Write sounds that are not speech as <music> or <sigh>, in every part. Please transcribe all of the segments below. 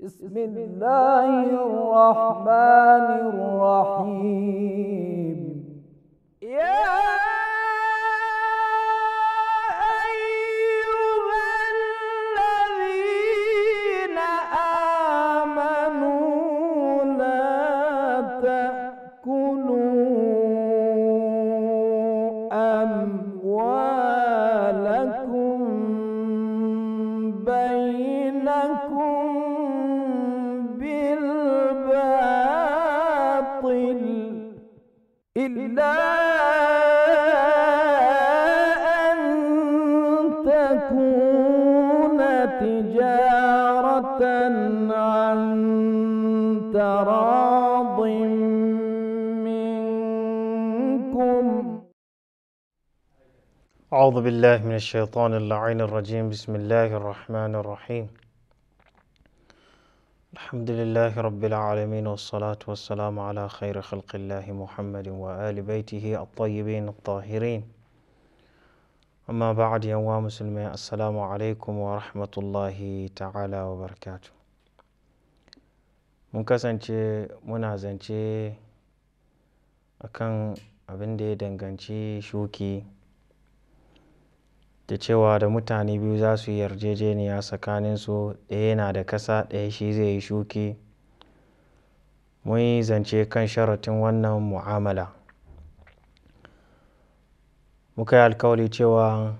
بسم الله الرحمن الرحيم يا أيها الذين آمنوا لا تأكلوا أموالكم بينكم أعوذ بالله من الشيطان اللعين الرجيم بسم الله الرحمن الرحيم الحمد لله رب العالمين والصلاة والسلام على خير خلق الله محمد وآل بيته الطيبين الطاهرين أما بعد يا مسلمين السلام عليكم ورحمة الله تعالى وبركاته ممكن kasance muna zance akan abin da da cewa da mutane biyu za su yi yarjejeniya tsakanin su ɗaya yana da ƙasa ɗaya shi zai yi shuki. Mun yi zance kan sharatin wannan mu'amala. Muka yi alkawali cewa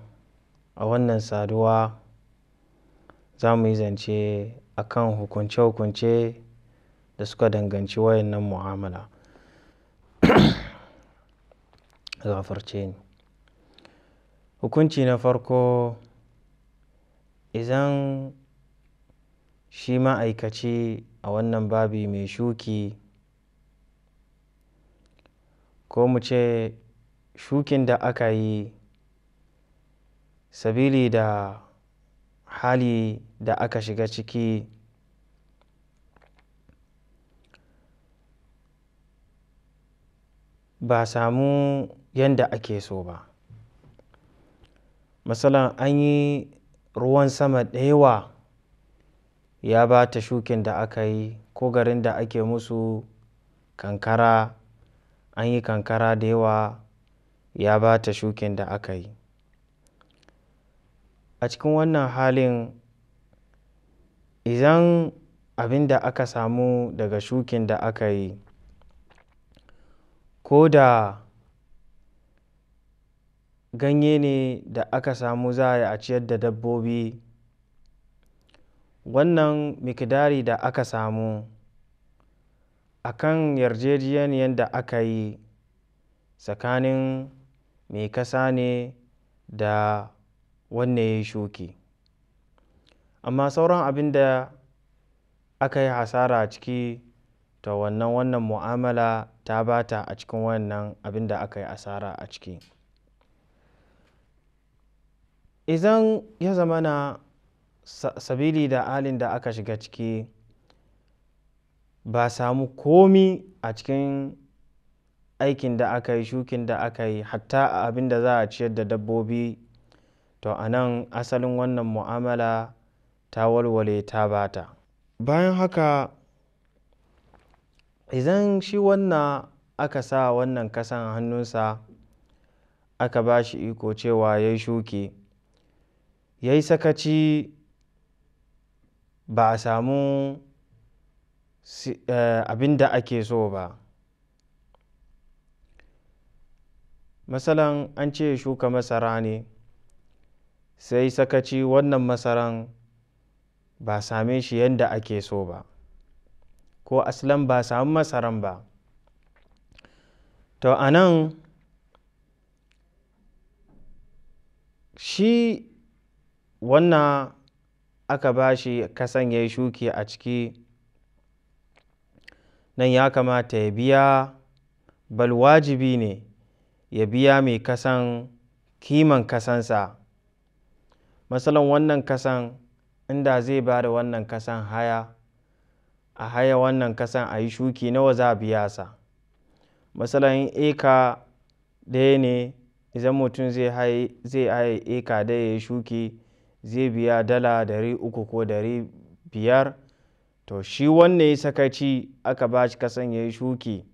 a wannan saduwa za mu yi zance a kan hukunce-hukunce da suka danganci wayannan mu'amala. zafarce <coughs> ni. Hukunci na farko idan shi ma'aikaci a wannan babi mai shuki ko mu ce shukin da aka yi sabili da hali da aka shiga ciki ba samu yanda ake so ba masalan an yi ruwan sama da ya ba ta shukin da aka yi ko garin da ake musu kankara an yi kankara da yawa ya ba ta shukin da aka yi a cikin wannan halin idan abin da aka samu daga shukin da aka yi ko da ganye ne da aka samu za a ciyar da dabbobi wannan mikidari da aka samu a kan yarjejeniyar da aka yi tsakanin mai kasa ne da wanne ya shuki amma sauran abin da aka yi hasara a ciki to wannan wannan mu'amala ta bata a cikin wannan abin da aka yi asara a ciki izan ya zama na sabili da alin da aka shiga ciki ba samu komi a cikin aikin da aka yi shukin da aka yi hatta a abin da za a ciyar da dabbobi to a nan asalin wannan mu'amala ta walwale ta bata bayan haka izan shi wannan aka sa wannan kasan hannunsa aka ba shi iko cewa ya yi shuki ya yi sakaci ba a samu eh, abin da ake so ba masalan an ce shuka masara ne sai sakaci wannan masaran ba same shi yadda ake so ba ko aslan ba samu masaran ba to anan shi wannan aka ba shi kasan ya shuki a ciki nan ya kamata ya biya bal wajibi ne ya biya mai kasan kiman kasansa matsalan wannan kasan inda zai ba da wannan kasan haya a haya wannan kasan a yi shuki nawa za a biya sa matsalan eka ɗaya ne idan mutum zai haya eka ɗaya ya yi shuki zai biya dala dari uku ko dari biyar to shi wanne sakaci aka ba shi kasan ya shuki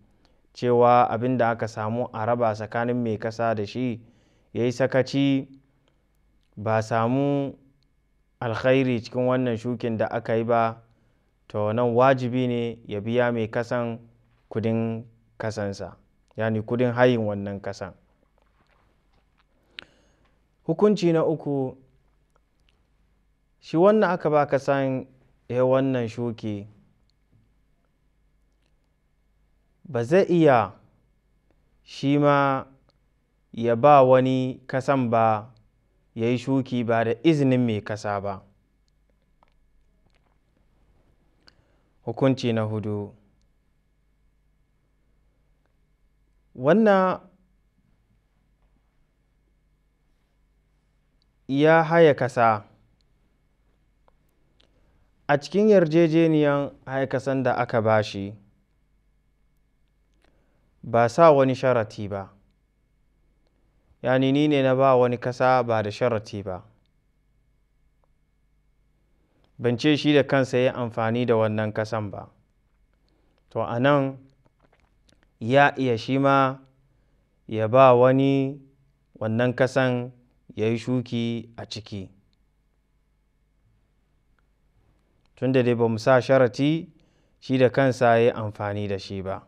cewa abin da aka samu a raba tsakanin mai kasa da shi ya sakaci ba samu alkhairi cikin wannan shukin da aka yi ba to nan wajibi ne ya biya mai kasan kudin kasansa yani kudin hayin wannan kasan hukunci na uku shi wannan aka ba ka san ya eh, wannan shuki ba zai iya shi ma ya ba wani kasan ba ya yi shuki ba da izinin mai ƙasa ba hukunci na hudu wannan ya haya ƙasa. a cikin yarjejeniyan haikasan da aka ba shi ba sa wani sharati ba yani ni ne na ba wani kasa ba da sharati ba bance shi da kansa ya amfani da wannan kasan ba to a nan ya iya shi ma ya ba wani wannan kasan ya yi shuki a ciki tunda dai ba mu sa sharati shi da kansa ya yi amfani da shi ba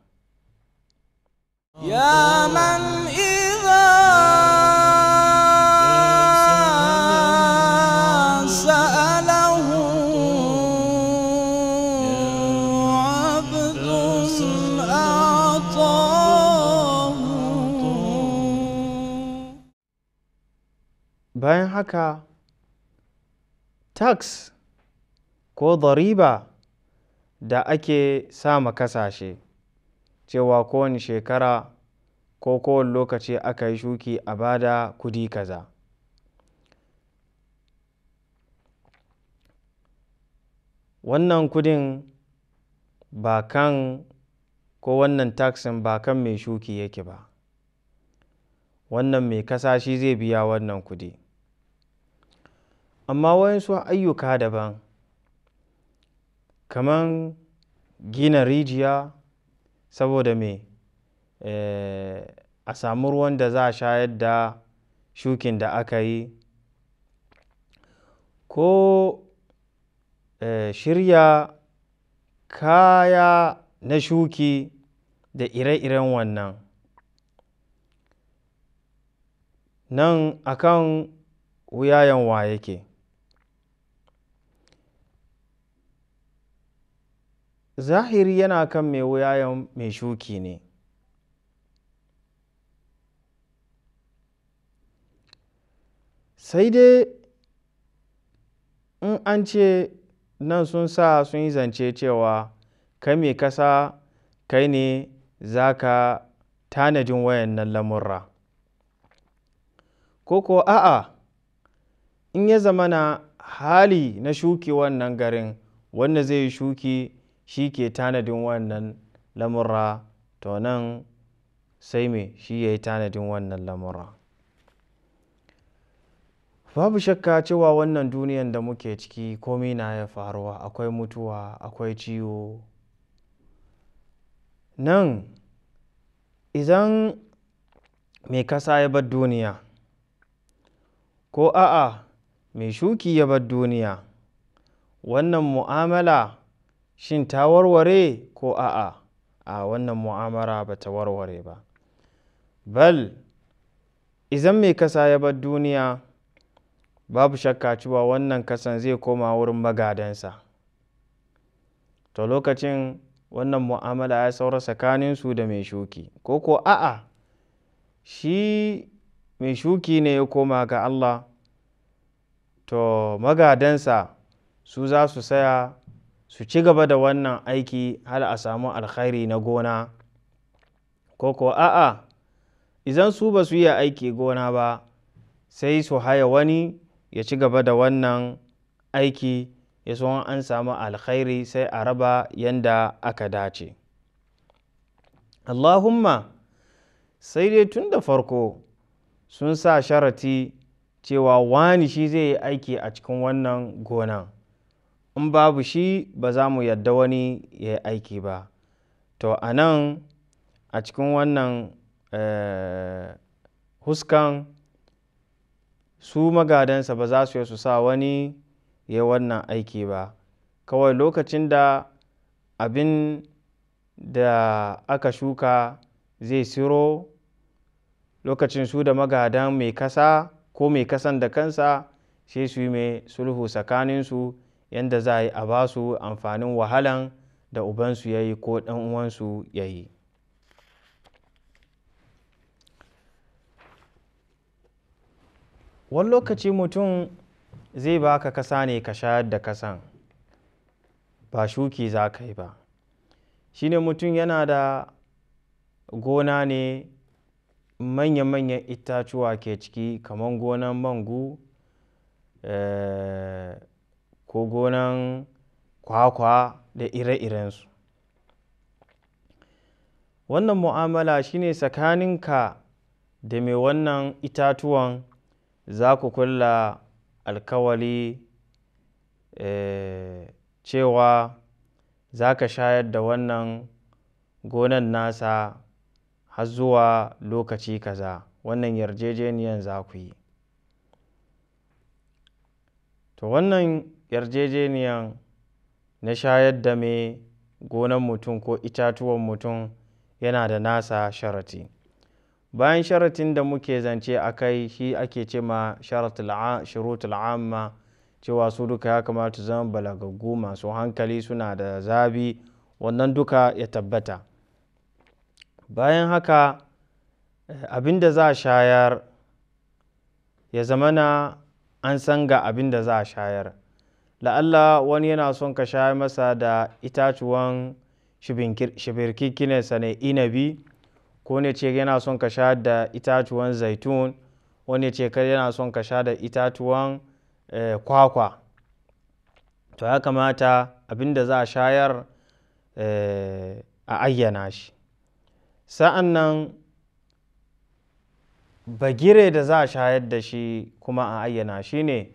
bayan haka tax ko dariba da ake sama kasashe cewa kowane shekara ko kowane lokaci aka yi shuki a bada kudi kaza wannan kudin ba kan ko wannan taksin ba kan mai shuki yake ba wannan mai kasa zai biya wannan kudi. amma waɗansu ayyuka daban kaman gina rijiya saboda me eh, a samu ruwan da za a shayar da shukin da aka yi ko eh, shirya kaya na shuki da ire-iren wannan nan akan wuyayen wa yake zahiri yana kan mai wuyayen mai shuki ne sai dai in an ce nan sun sa sun yi zance cewa kai mai kasa kai ne za ka tanajin wayan nan lamurra ko ko a'a in ya zama na hali na shuki wannan garin wanda zai yi shuki shi ke tanadin wannan lamura, to nan sai me shi ya yi tanadin wannan lamura. babu shakka cewa wannan duniyan da muke ciki komi na ya faruwa akwai mutuwa akwai ciwo nan idan mai kasa ya bar duniya ko a'a mai shuki ya bar duniya wannan mu'amala shin ta warware ko a'a a wannan mu'amara ba ta warware ba bal izan mai kasa ya bar duniya babu shakka cewa wannan kasan zai koma wurin magadansa to lokacin wannan mu'amala ya saura tsakaninsu da mai shuki ko ko a'a shi mai shuki ne ya koma ga Allah to magadansa su za su saya su ci gaba da wannan aiki har a samu alkhairi na gona ko ko a'a idan su ba su yi aiki gona ba sai su haya wani ya ci gaba da wannan aiki ya so an samu alkhairi sai a raba yanda aka dace allahumma sai dai tun da farko sun sa sharati cewa wani shi zai yi aiki a cikin wannan gonan in babu shi ba za mu yadda wani ya yi aiki ba to a nan a cikin wannan eh, huskan su magadansa ba za su yi su sa wani ya yi wannan aiki ba kawai lokacin da abin da aka shuka zai siro lokacin su da magadan mai kasa ko mai kasan da kansa sai su yi mai sulhu tsakaninsu yanda za a yi a ba su amfanin wahalan da ubansu ya yi ko ɗan uwansu ya yi wani lokaci mutum zai baka kasa ne ka shayar da kasan ba shuki za ka yi ba shine mutum yana da gona ne manya-manyan itacuwa ke ciki kamar gonan mangu eh, ko gonan kwakwa da ire-irensu wannan mu'amala shine tsakaninka da mai wannan itatuwan za ku kulla alkawali eh, cewa za ka shayar da wannan gonan nasa har zuwa lokaci kaza wannan yarjejeniyan za ku yi to wannan yarjejeniyan na shayar da mai gonan mutum ko itatuwan mutum yana da nasa sharati bayan sharatin da muke zance a kai shi ake ce ma shurutul amma cewa su duka ya kamata zama balagaggu masu hankali suna da zabi wannan duka ya tabbata bayan haka eh, abin da za a shayar ya zamana an san ga abin da za a shayar la'alla wani yana son ka shayar masa da itatuwan shibirkikinsa ne inabi ko ne ce yana son ka sha da itatuwan zaitun wani ce kai yana son ka sha da itatuwan eh, kwakwa to ya kamata abin da za a shayar eh, a ayyana shi sa'an nan bagire da za a shayar da shi kuma a ayyana shi ne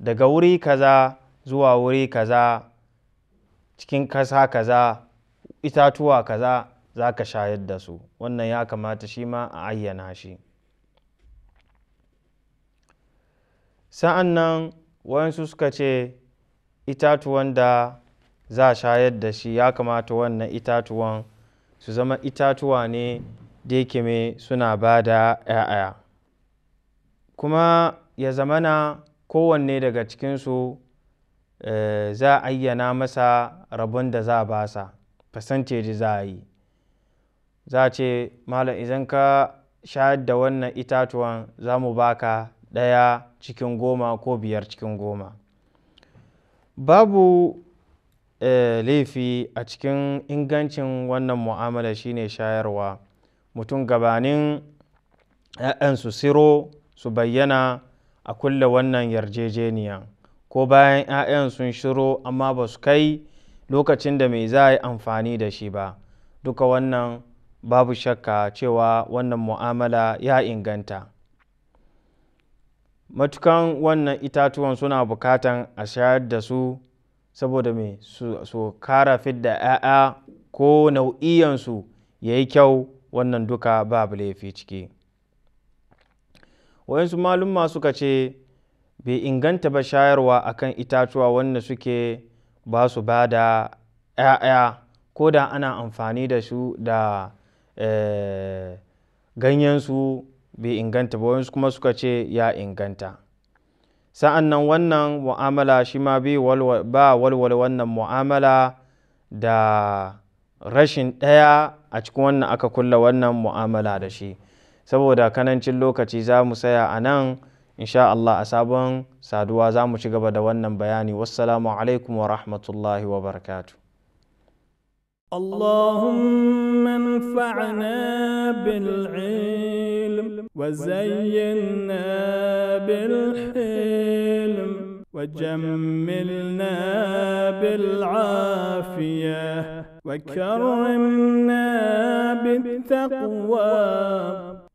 daga wuri kaza zuwa wuri kaza cikin kasa kaza itatuwa kaza za ka shayar da su wannan ya kamata shi ma a ayyana shi sa'an nan wayansu suka ce itatuwan da za a shayar da shi ya kamata wannan itatuwan su zama itatuwa ne da suna ba da ‘ya'ya kuma ya zamana kowanne daga cikinsu eh, za a ayyana masa rabon da za a basa percentage za a yi za ce malam idan ka shayar da wannan itatuwan za mu baka ɗaya cikin goma ko biyar cikin goma babu eh, laifi a cikin ingancin wannan mu'amala shine shayarwa mutum gabanin su siro su bayyana a kulle wannan yarjejeniya ko bayan ‘ya'yan sun shiro amma ba su kai lokacin da mai za a yi amfani da shi ba duka wannan babu shakka cewa wannan mu'amala ya inganta matukan wannan itatuwan suna bukatan a shayar da su saboda mai su kara fidda ‘ya'ya ko nau'iyansu ya yi kyau wannan duka ba babu laifi ciki wayansu malumma suka ce bai inganta ba shayarwa akan itatuwa wanda suke ba su ba da ‘ya'ya ko da ana amfani da su da eh, su bai inganta ba wayansu kuma suka ce ya inganta sa'an nan wannan mu'amala shi ma ba walwal wannan mu'amala da rashin ɗaya a cikin wannan aka kulla wannan mu'amala da shi saboda kanancin lokaci za mu saya a insha Allah a sabon saduwa za mu ci gaba da wannan bayani wassalamu alaikum wa rahmatullahi wa barakatu اللهم انفعنا بالعلم وزينا بالحلم وجملنا بالعافية وكرمنا بالتقوى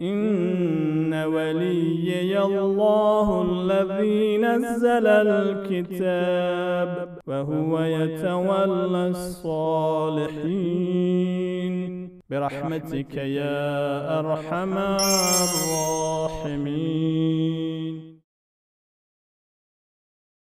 إن وليي الله الذي نزل الكتاب وهو يتولى الصالحين برحمتك يا أرحم الراحمين